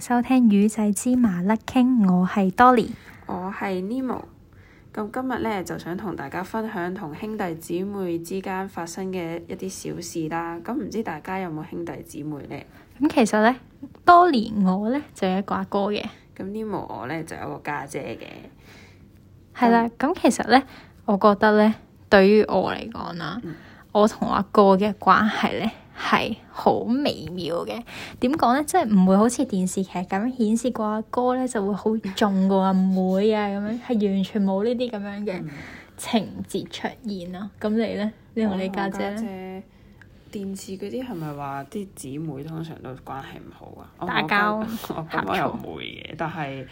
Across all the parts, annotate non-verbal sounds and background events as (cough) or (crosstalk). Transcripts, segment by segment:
收聽魚仔芝麻粒傾，我係多尼，我係 Nemo。咁今日咧，就想同大家分享同兄弟姊妹之間發生嘅一啲小事啦。咁唔知大家有冇兄弟姊妹咧？咁其實咧，多尼我咧就有一個阿哥嘅。咁 Nemo 我咧就有個家姐嘅。係啦，咁、嗯、其實咧，我覺得咧，對於我嚟講啦，嗯、我同阿哥嘅關係咧，係好微妙嘅，點講呢？即係唔會好似電視劇咁顯示個阿哥呢，就會好重個阿妹啊，咁樣係完全冇呢啲咁樣嘅情節出現咯。咁、嗯、你呢？你同你家姐，姐呢？我我姐姐電視嗰啲係咪話啲姊妹通常都關係唔好啊？打交架、我又唔會嘅， (laughs) (laughs) 但係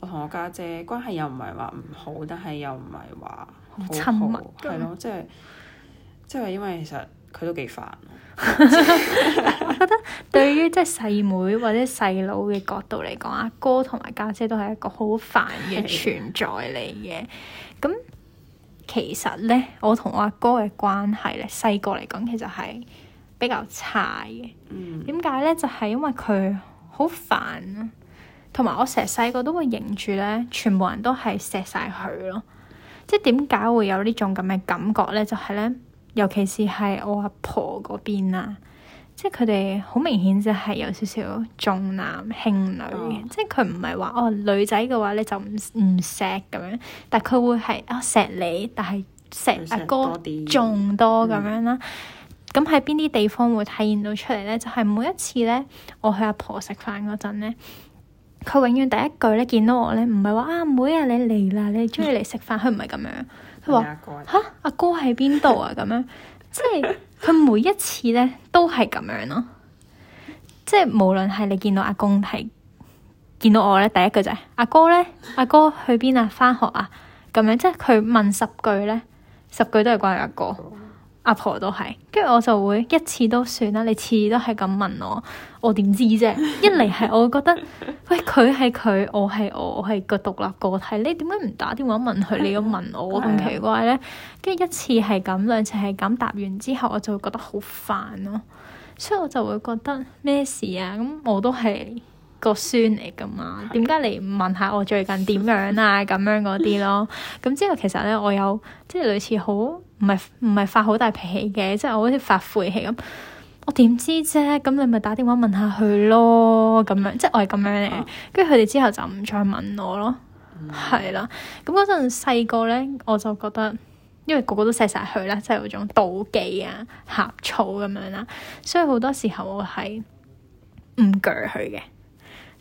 我同我家姐，姐關係又唔係話唔好，但係又唔係話好親密。係咯，即係即係因為其實。佢都幾煩， (laughs) (laughs) 我覺得對於即係細妹或者細佬嘅角度嚟講，阿哥同埋家姐都係一個好煩嘅存在嚟嘅。咁的其實呢，我同我阿哥嘅關係呢，細個嚟講其實係比較差嘅。點解、嗯、呢？就係、是、因為佢好煩啊，同埋我成日細個都會認住呢，全部人都係錫晒佢咯。即係點解會有呢種咁嘅感覺呢？就係、是、呢。尤其是係我阿婆嗰邊啊，即係佢哋好明顯就係有少少重男輕女嘅，哦、即係佢唔係話哦女仔嘅話你就唔唔錫咁樣，但佢會係啊錫你，但係錫阿哥仲多咁樣啦。咁喺邊啲地方會體現到出嚟咧？就係、是、每一次咧，我去阿婆食飯嗰陣咧，佢永遠第一句咧見到我咧，唔係話阿妹啊你嚟啦，你中意嚟食飯，佢唔係咁樣。佢話吓，阿哥喺邊度啊？咁 (laughs) 樣，即係佢每一次咧都係咁樣咯、啊，即係無論係你見到阿公係見到我咧，第一句就係、是、阿哥咧，阿哥去邊啊？翻學啊？咁樣，即係佢問十句咧，十句都係關於阿哥。阿婆都係，跟住我就會一次都算啦。你次次都係咁問我，我點知啫？ (laughs) 一嚟係我覺得，喂佢係佢，我係我，我係個獨立個體，你點解唔打電話問佢？你要問我咁 (laughs) 奇怪咧？跟住一次係咁，兩次係咁，答完之後我就會覺得好煩咯、啊。所以我就會覺得咩事啊？咁我都係，個孫嚟噶嘛？點解嚟問下我最近點樣啊？咁樣嗰啲咯。咁 (laughs) 之後其實咧，我有即係類似好唔係唔係發好大脾氣嘅，即係我好似發晦氣咁。我點知啫？咁你咪打電話問下佢咯。咁樣即係我係咁樣咧。跟住佢哋之後就唔再問我咯。係啦、嗯。咁嗰陣細個咧，我就覺得因為個個都錫晒佢啦，即係有種妒忌啊、呷醋咁樣啦，所以好多時候我係唔拒佢嘅。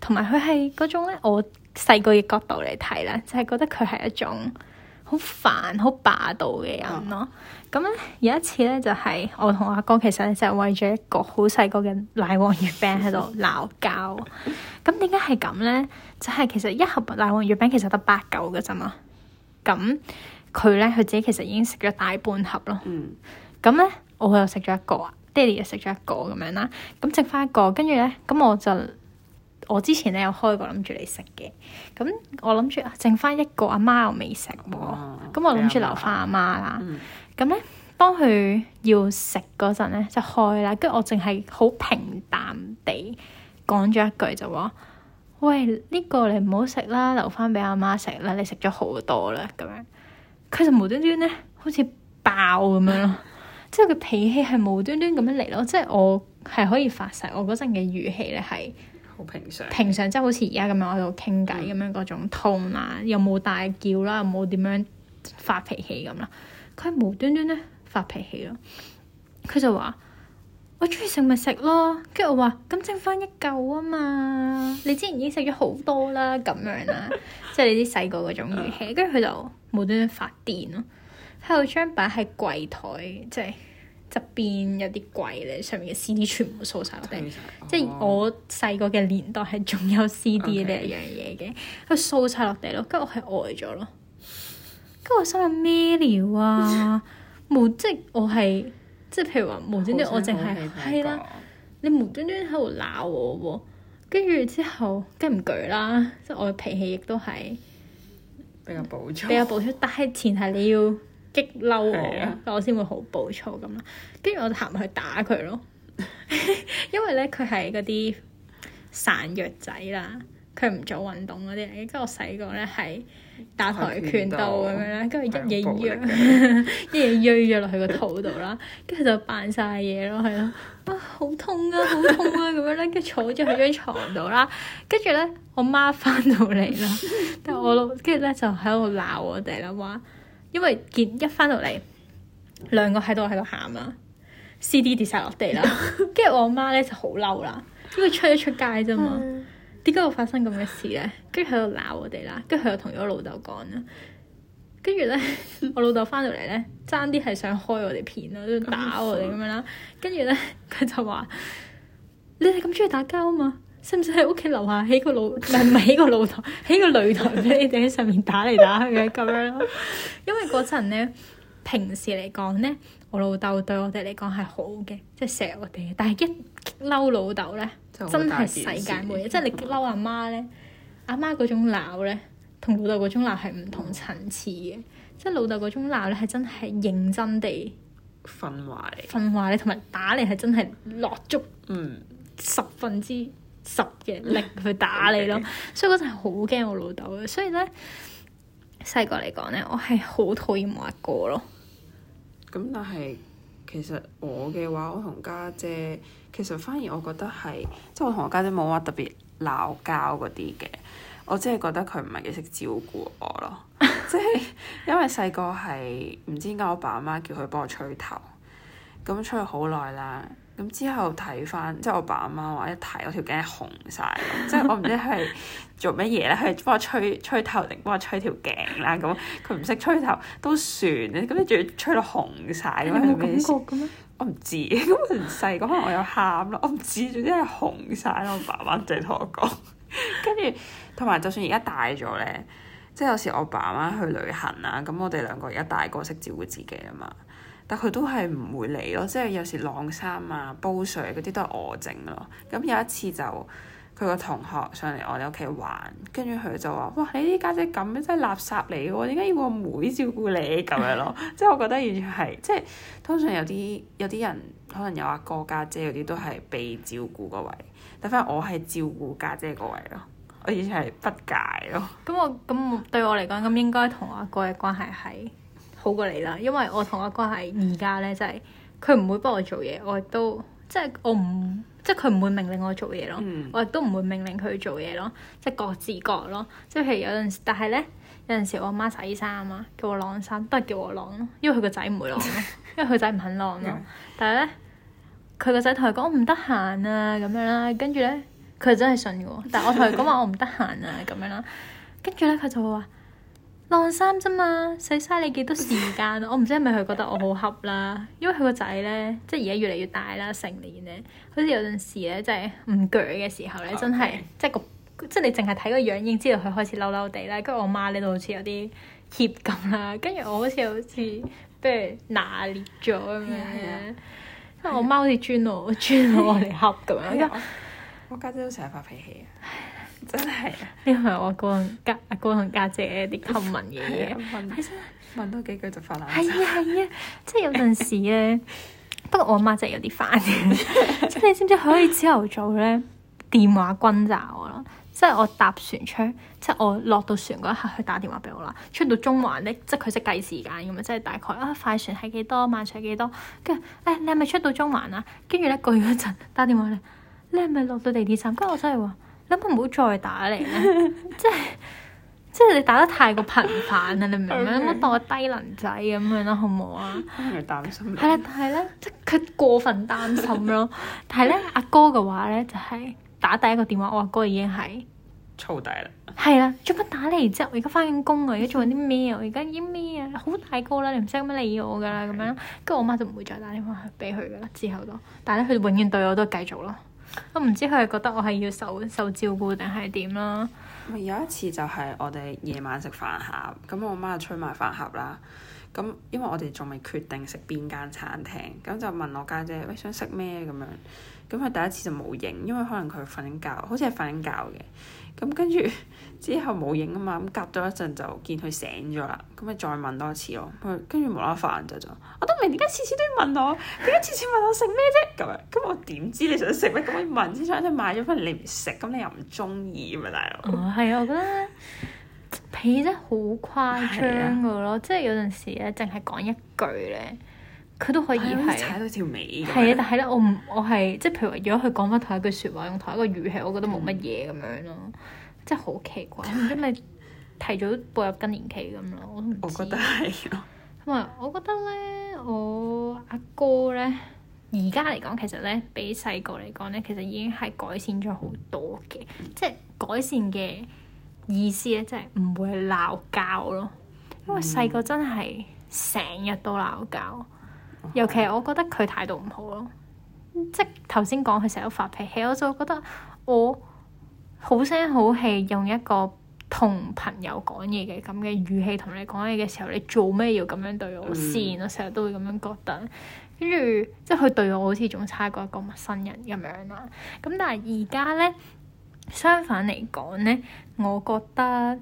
同埋佢係嗰種咧，我細個嘅角度嚟睇咧，就係、是、覺得佢係一種好煩、好霸道嘅人咯。咁、哦、有一次咧，就係、是、我同阿哥，哥其實就係為咗一個好細個嘅奶黃月餅喺度鬧交。咁點解係咁咧？就係、是、其實一盒奶黃月餅其實得八嚿嘅啫嘛。咁佢咧，佢自己其實已經食咗大半盒咯。咁咧、嗯、我又食咗一個，爹哋又食咗一個咁樣啦。咁剩翻一個，跟住咧咁我就。我之前咧有開過，諗住嚟食嘅。咁我諗住剩翻一個，阿媽又未食喎。咁我諗住留翻阿媽啦。咁咧，當佢要食嗰陣咧，就開啦。跟住我淨係好平淡地講咗一句，就話：喂，呢個你唔好食啦，留翻俾阿媽食啦。你食咗好多啦，咁樣佢就無端端咧，好似爆咁樣咯。即係佢脾氣係無端端咁樣嚟咯。即係我係可以發誓，我嗰陣嘅語氣咧係。好平，平常，平常即係好似而家咁樣喺度傾偈咁樣嗰種 tone 啦，又冇大叫啦，又冇點樣發脾氣咁啦。佢無端端咧發脾氣咯，佢就話：我中意食咪食咯。跟住我話：咁剩翻一嚿啊嘛，你之前已經食咗好多啦，咁樣啦，即係 (laughs) 你啲細個嗰種語氣。跟住佢就無端端發癲咯，喺度將把喺櫃台即係。就是側邊有啲櫃咧，上面嘅 CD 全部掃晒落地，即係我細個嘅年代係仲有 CD 呢一樣嘢嘅，佢掃晒落地咯，跟住我係呆咗咯，跟住我心諗咩料啊？無端我係即係譬如話無端端我淨係係啦，你無端端喺度鬧我喎，跟住、嗯、之後梗係唔攰啦，即係我嘅脾氣亦都係比較暴躁，比較暴躁，但係前提你要激嬲我，的我先會好暴躁咁啦，跟住我就行去打佢咯。 (laughs) 因為咧佢係嗰啲散藥仔啦，佢唔做運動嗰啲。跟住我細個咧係打跆拳道咁樣咧，跟住、啊、一嘢藥、啊嗯嗯、 (laughs) 一嘢藥藥落去個肚度啦，跟住 (laughs) 就扮晒嘢咯，係咯，啊好痛啊，好痛啊咁樣咧，跟住坐咗喺張床度啦，跟住咧我媽翻到嚟啦， (laughs) 但係我跟住咧就喺度鬧我哋啦，話、啊。因為見一翻、啊、 (laughs) 到嚟，兩個喺度喺度喊啊 CD 跌晒落地啦。跟住我媽咧就好嬲啦，因為出一出街啫嘛，點解 (laughs) 會發生咁嘅事咧？跟住喺度鬧我哋啦，跟住佢又同咗老豆講啦。跟住咧，我老豆翻到嚟咧，爭啲係想開我哋片咯，想打我哋咁樣啦。跟住咧，佢就話你哋咁中意打交啊嘛，使唔使喺屋企樓下喺個老，唔係唔係，喺個露台，喺個擂台俾你哋喺上面打嚟打去嘅咁樣咯？因為嗰陣咧，平時嚟講咧，我老豆對我哋嚟講係好嘅，即係錫我哋。但係一嬲老豆咧，就真係世界末日。即係你嬲阿媽咧，阿媽嗰種鬧咧，同老豆嗰種鬧係唔同層次嘅。嗯、即係老豆嗰種鬧咧，係真係認真地訓話你，訓話你，同埋打你係真係落足嗯十分之十嘅力去打你咯 Okay.，所以嗰陣係好驚我老豆嘅，所以咧細個嚟講咧，我係好討厭我阿哥咯。咁但係其實我嘅話，我同家姐其實反而我覺得係，即係我同我家姐冇話特別鬧交嗰啲嘅，我只係覺得佢唔係幾識照顧我咯，即係、 (laughs) 就是、因為細個係唔知點解我爸阿媽叫佢幫我吹頭，咁吹咗好耐啦。咁之後睇翻，即係我爸阿媽話一睇我條頸係紅晒， (laughs) 即係我唔知係做乜嘢咧，佢幫我吹吹頭定幫我吹條頸啦咁。佢唔識吹頭都算，咁你仲要吹到紅晒，咁有冇 (laughs) 感覺咁咩？ (laughs) 我唔知，咁我細個可能我有喊咯，我唔知，總之係紅晒。我爸媽淨係同我講，跟住同埋就算而家大咗咧，即係有時我爸阿媽去旅行啊，咁我哋兩個而家大個識照顧自己啊嘛。但佢都係唔會嚟咯，即係有時晾衫啊、煲水嗰啲都係我整咯。咁有一次就佢個同學上嚟我哋屋企玩，跟住佢就話：哇！你啲家姐咁樣真係垃圾嚟嘅喎，點解要個妹妹照顧你咁樣咯？ (laughs) 即係我覺得完全係，即係通常有啲有啲人可能有阿哥家姐嗰啲都係被照顧嗰位，但翻我係照顧家姐嗰位咯。我以前係不解咯。咁我咁我對我嚟講，咁應該同阿哥嘅關係係？好過你啦，因為我同阿哥係而家咧，嗯、就係佢唔會幫我做嘢，我亦都即係、就是、我唔即係佢唔會命令我做嘢咯，嗯、我亦都唔會命令佢做嘢咯，即、就、係、是、各自各咯。即係譬如有陣時，但係咧有陣時我阿媽，媽洗衫啊，叫我晾衫，都係叫我晾咯，因為佢個仔唔會晾咯， (laughs) 因為佢仔唔肯晾咯 Yeah.、啊。但係咧，佢個仔同佢講唔得閒啊咁樣啦，跟住咧佢真係信我、啊，但係我同佢講話我唔得閒啊咁樣啦，跟住咧佢就會話。 (laughs) (laughs) 晾衫啫嘛，使曬你幾多時間？我唔知係咪佢覺得我好恰啦，因為佢個仔咧，即係而家越嚟越大啦，成年咧，好似有陣時咧，真係唔鋸嘅時候咧，真係即係個即係你淨係睇個樣已經知道佢開始嬲嬲地啦。跟住我媽咧，就好似有啲怯咁啦。跟住我好似好似俾人拿捏咗咁樣，因為我媽好似專我專我嚟恰咁樣。我家姐都成日發脾氣啊！真係啊！呢係 (laughs) 我個人家，我個人阿哥同家姐啲 common 嘅嘢嘢，問真多幾句就發冷。係啊係啊，啊啊 (laughs) 即係有陣時咧。不過我媽，媽真係有啲煩嘅， (laughs) 即係你知唔知佢可以朝頭早咧電話轟炸我啦。即係我搭船出，即係我落到船嗰一刻，佢打電話俾我啦。出到中環咧，即係佢識計時間咁啊，即係大概啊快船係幾多，慢船幾多。跟住誒，你係咪出到中環啊？跟住過咗一陣打電話嚟，你係咪落到地鐵站？跟住我真係話。諗下唔好再打嚟咧， (laughs) 即係即係你打得太過頻繁啦，你唔明咩？下當我低能仔咁樣啦，好唔好啊？係擔心係啦，但係咧，即係佢過分擔心咯。 (laughs) 但係咧，阿哥嘅話咧就係、是、打第一個電話，我阿哥已經係粗底啦。係啊，做乜打嚟啫？我而家翻緊工啊，而家做緊啲咩啊？而家演咩啊？好大個啦，你唔使咁樣理我噶啦，咁 Okay. 樣。跟住我媽就唔會再打電話俾佢噶啦，之後都。但係咧，佢永遠對我都係繼續咯。我唔知佢係覺得我係要受受照顧定係點啦。有一次就係我哋夜晚食飯盒，咁我媽就吹埋飯盒啦。咁因為我哋仲未決定食邊間餐廳，咁就問我家姐，姐，喂，想食咩咁樣。咁佢第一次就冇影，因為可能佢瞓覺，好似係瞓緊覺嘅。咁跟住之後冇影啊嘛，咁隔咗一陣就見佢醒咗啦，咁咪再問多次咯。跟住無啦啦發就就，我都唔明點解次次都要問我，點解次次問我食咩啫？咁樣，咁我點知你想食咩？咁你問先，再買咗翻嚟你唔食，咁你又唔中意咪大佬？哦，係啊，我覺得皮真係好誇張噶咯， (laughs) 啊、即係有陣時咧，淨係講一句咧。佢都可以、啊、踩到條尾，係啊！但係咧，我唔我係即係，譬如話，如果佢講翻同一句説話，用同一個語氣，我覺得冇乜嘢咁樣咯，嗯、即係好奇怪。佢咪、嗯、提早步入更年期咁咯？我，我覺得係咯。同埋我覺得咧，我阿哥咧而家嚟講，其實咧比細個嚟講咧，其實已經係改善咗好多嘅、嗯。即係改善嘅意思咧，即係唔會鬧交咯。因為細個真係成、嗯、日都鬧交。尤其我覺得佢態度唔好咯，即係頭先講佢成日都發脾氣，我就覺得我好聲好氣用一個同朋友講嘢嘅咁嘅語氣同你講嘢嘅時候，你做咩要咁樣對我先？善、嗯、我成日都會咁樣覺得，跟住即係佢對我好似仲差過一個陌生人咁樣啦。咁但係而家咧，相反嚟講咧，我覺得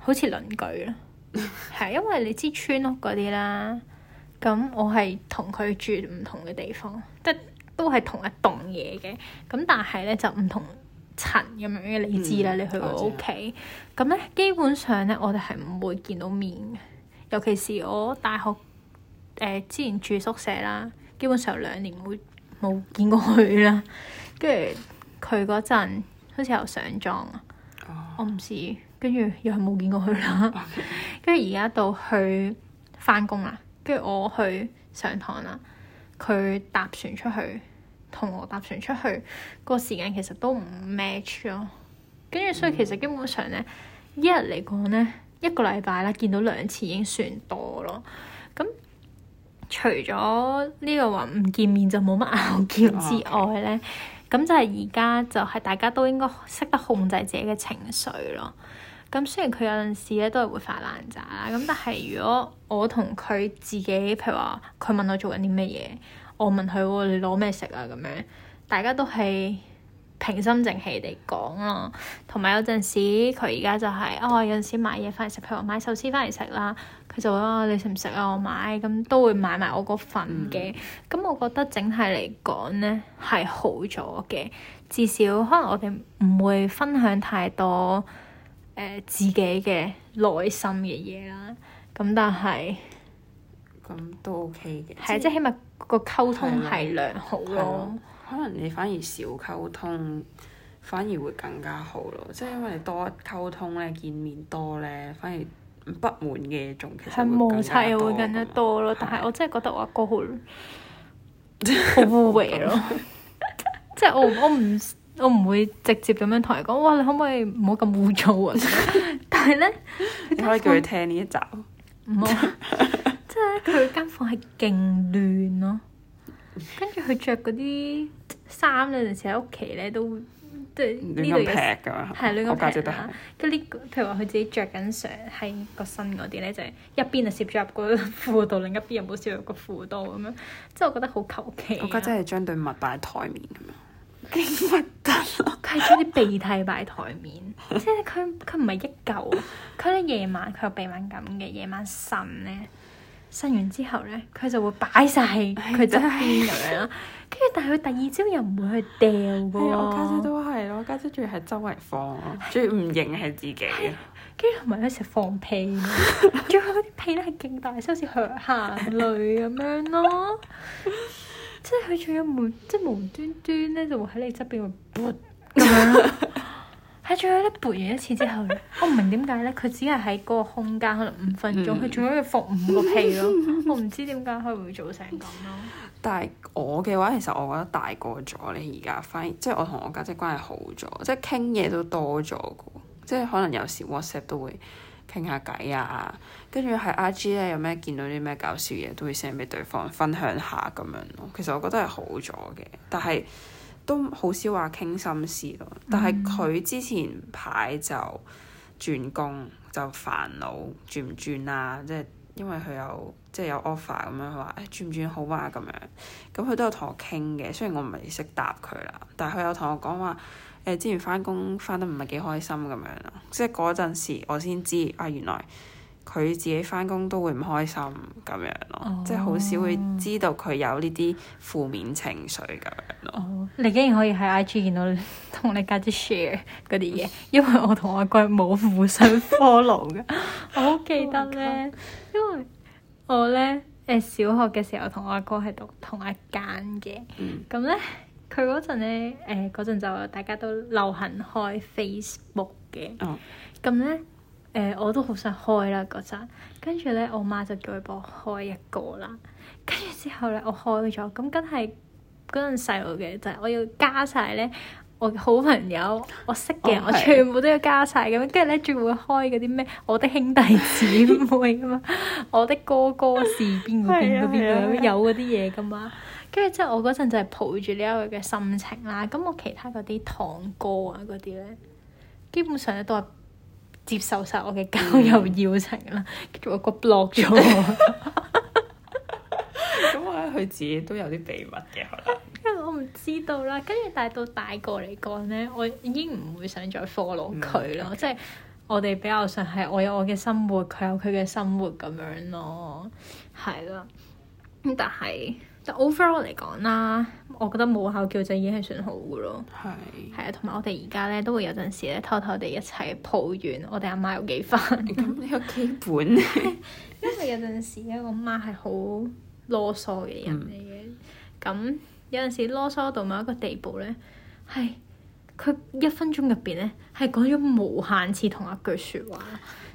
好似鄰居咯，係 (laughs) (laughs) 因為你知村屋嗰啲啦。咁我係同佢住唔同嘅地方，即都係同一棟嘢嘅，咁但係咧就唔同層咁樣嘅，你知啦。嗯、你去我屋企，咁咧基本上咧我哋係唔會見到面嘅，尤其是我大學誒、呃、之前住宿舍啦，基本上兩年冇冇見過佢啦，跟住佢嗰陣好似、oh. 又上妝啊，我唔知，跟住又係冇見過佢啦，跟住而家到去返工啦。跟住我去上堂啦，佢搭船出去，同我搭船出去，個時間其實都唔 match 咯。跟住所以其實基本上咧，一日嚟講咧，一個禮拜啦，見到兩次已經算多咯。咁除咗呢個話唔見面就冇乜拗撬之外咧，咁 Okay. 就係而家就係大家都應該識得控制自己嘅情緒咯。咁雖然佢有陣時咧都係會發爛渣啦，咁但係如果我同佢自己，譬如話佢問我做緊啲咩嘢，我問佢你攞咩食啊咁樣，大家都係平心靜氣地講咯。同埋有陣時佢而家就係、是、哦有陣時買嘢翻嚟食，譬如話買壽司翻嚟食啦，佢就會話你食唔食啊？我買咁都會買埋我個份嘅。咁、嗯、我覺得整體嚟講咧係好咗嘅，至少可能我哋唔會分享太多。誒自己嘅內心嘅嘢啦，咁但係咁都 OK 嘅，係即係起碼個溝通係良好咯。可能你反而少溝通，反而會更加好咯。即係因為多溝通咧，見面多咧，反而不滿嘅仲其實係摩擦又會更加多咯。但係我真係覺得我阿哥，哥 (laughs) 好好糊塗咯， (laughs) (laughs) (laughs) 即係我我唔。我唔會直接咁樣同佢講，哇！你可唔可以唔好咁污糟啊？但係咧，你可以叫佢聽呢一集。唔好，即係佢間房係勁亂咯。跟住佢着嗰啲衫，有陣時喺屋企咧都即係呢度劈㗎。係亂咁撇啊！跟住呢，譬如話佢自己着緊上喺個身嗰啲咧，就係一邊就攝住入個褲度，另一邊又冇攝入個褲度咁樣。即係我覺得好求其。我家姐係將對襪擺喺台面。勁核突，佢係將啲鼻涕擺台面，即係佢佢唔係一嚿，佢咧夜晚佢有鼻敏感嘅，夜晚擤咧，擤完之後咧，佢就會擺晒佢就鼻入邊咯。跟住但係佢第二朝又唔會去掉噶喎。我家姐都係咯，我家姐仲要喺周圍放，仲要唔認係自己。跟住同埋佢成日放屁，仲有啲屁咧係勁大，好似行雷咁樣咯。即係佢仲有無即係無端端咧，就會喺你側邊會撥咁樣。喺最後咧撥完一次之後， (laughs) 我唔明點解咧？佢只係喺嗰個空間可能五分鐘，佢仲、嗯、要復五個屁咯！ (laughs) 我唔知點解佢會做成咁咯。但係我嘅話，其實我覺得大個咗咧，而家反而即係我同我家姐，姐關係好咗，即係傾嘢都多咗嘅。即係可能有時 WhatsApp 都會。傾下偈啊，跟住喺 IG 咧有咩見到啲咩搞笑嘢都會 send 俾對方分享下咁樣咯。其實我覺得係好咗嘅，但係都好少話傾心事咯、啊。但係佢之前排就轉工，就煩惱轉唔轉啊，即係因為佢有。即係有 offer 咁樣話轉唔轉好啊咁樣，咁佢都有同我傾嘅。雖然我唔係識答佢啦，但係佢有同我講話誒，之前返工返得唔係幾開心咁樣咯。即係嗰陣時我先知啊，原來佢自己返工都會唔開心咁樣咯。Oh. 即係好少會知道佢有呢啲負面情緒咁樣咯。Oh. 你竟然可以喺 IG 見到同你家姐 share 嗰啲嘢， (laughs) 因為我同我阿貴冇互相 follow 嘅， (laughs) (laughs) 我好記得咧，oh、my 因為。我咧誒、呃、小學嘅時候同我阿哥係讀同一間嘅，咁咧佢嗰陣咧誒嗰陣就大家都流行開 Facebook 嘅，咁咧誒我都好想開啦嗰陣，跟住咧我媽就叫佢幫我開一個啦，跟住之後咧我開咗，咁梗係嗰陣細路嘅就係、我要加晒咧。我好朋友，我識嘅 Okay. 我全部都要加晒。咁樣，跟住咧仲會開嗰啲咩我的兄弟姊妹啊嘛，我的哥哥是邊個邊個邊個有嗰啲嘢噶嘛，跟住之後我嗰陣就係抱住呢一個嘅心情啦，咁我其他嗰啲堂哥啊嗰啲咧，基本上咧都係接受晒我嘅交友邀請啦，跟住我個 block 咗。咁 (laughs) (laughs) (laughs) 我覺得佢自己都有啲秘密嘅我唔知道啦，跟住但係到大個嚟講咧，我已經唔會想再 follow 佢咯，Okay. 即係我哋比較想係我有我嘅生活，佢有佢嘅生活咁樣咯，係啦。咁但係，但 overall 嚟講啦，我覺得冇嗌交就已經係算好嘅咯。係是，係啊，同埋我哋而家咧都會有陣時咧偷偷哋一齊抱怨我哋阿媽，媽有幾煩。咁 (laughs) 你有幾本？ (laughs) 因為有陣時咧，我媽係好囉嗦嘅人嚟嘅，咁、嗯。有陣時囉嗦到某一個地步咧，係佢一分鐘入邊咧係講咗無限次同一句説話，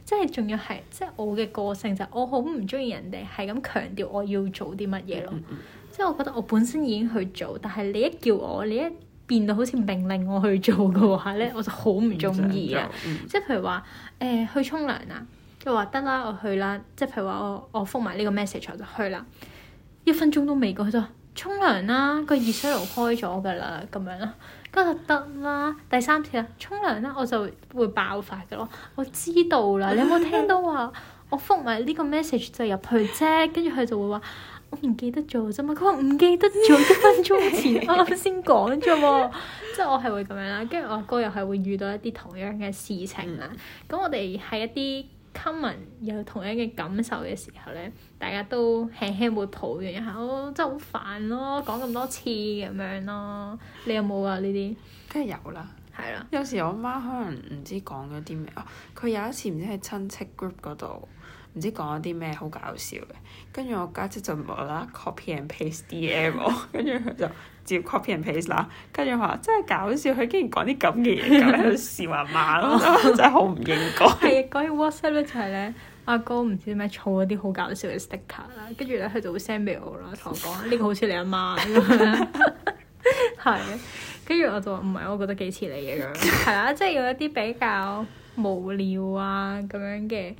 即係仲要係即係我嘅個性就係我好唔中意人哋係咁強調我要做啲乜嘢咯，嗯嗯、即係我覺得我本身已經去做，但係你一叫我，你一變到好似命令我去做嘅話咧，我就好唔中意啊！嗯嗯、即係譬如話誒、呃、去沖涼啊，就話得啦，我去啦，即係譬如話我我覆埋呢個 message 我就去啦，一分鐘都未過佢就。沖涼啦，個、啊、熱水爐開咗嘅啦，咁樣啦，咁就得啦。第三次啊，沖涼啦，我就會爆發嘅咯。我知道啦，你有冇聽到話 (laughs) 我覆埋呢個 message 就入去啫？跟住佢就會話我唔記得咗啫嘛。佢話唔記得咗一分鐘前我啱啱先講啫喎。即係 (laughs) 我係會咁樣啦，跟住我哥又係會遇到一啲同樣嘅事情啦。咁 (laughs) 我哋係一啲。Common 有同樣嘅感受嘅時候咧，大家都輕輕會抱怨一下，哦，真係好煩咯，講咁多次咁樣咯，你有冇啊呢啲？梗係有啦，係啦的。有時我媽可能唔知講咗啲咩啊，佢有一次唔知喺親戚 group 嗰度，唔知講咗啲咩好搞笑嘅。跟住我家姐就無啦，copy and paste DM 我，跟住佢就直接 copy and paste 啦。跟住話真係搞笑，佢竟然講啲咁嘅嘢，咁樣笑話嘛，真係好唔應該。係啊，講起 WhatsApp 咧， (laughs) Wh app，就係咧，阿哥唔知咩儲嗰啲好搞笑嘅 sticker 啦，跟住咧佢就會 send 俾我啦，同我講呢個好似你阿媽咁樣。係， (laughs) 跟住我就話唔係，我覺得幾似你嘅樣。係啦， (laughs) 即係有一啲比較無聊啊咁樣嘅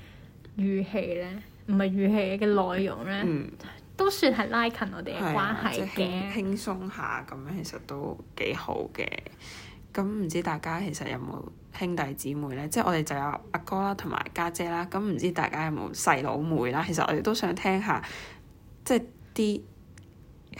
語氣咧。唔係語氣嘅內容咧，嗯、都算係拉近我哋嘅關係嘅、嗯就係，輕鬆下咁樣，其實都幾好嘅。咁唔知大家其實有冇兄弟姊妹咧？即、就、係、係、我哋就有阿哥、哥啦，同埋家姐啦。咁唔知大家有冇細佬妹啦？其實我哋都想聽下，即係啲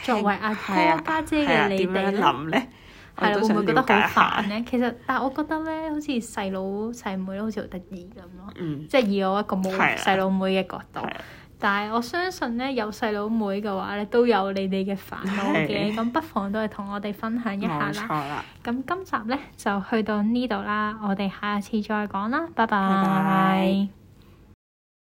作為阿哥家、啊、姐嘅你哋點、啊啊、樣諗咧？係啦，我會唔會覺得好煩咧？下其實，但我覺得咧，好似細佬細妹都好似好得意咁咯。嗯。即係以我一個冇細佬妹嘅角度，的但係我相信咧，有細佬妹嘅話咧，都有你哋嘅煩惱嘅。咁的不妨都係同我哋分享一下啦。冇錯啦。咁今集咧就去到呢度啦，我哋下一次再講啦，拜拜。拜拜。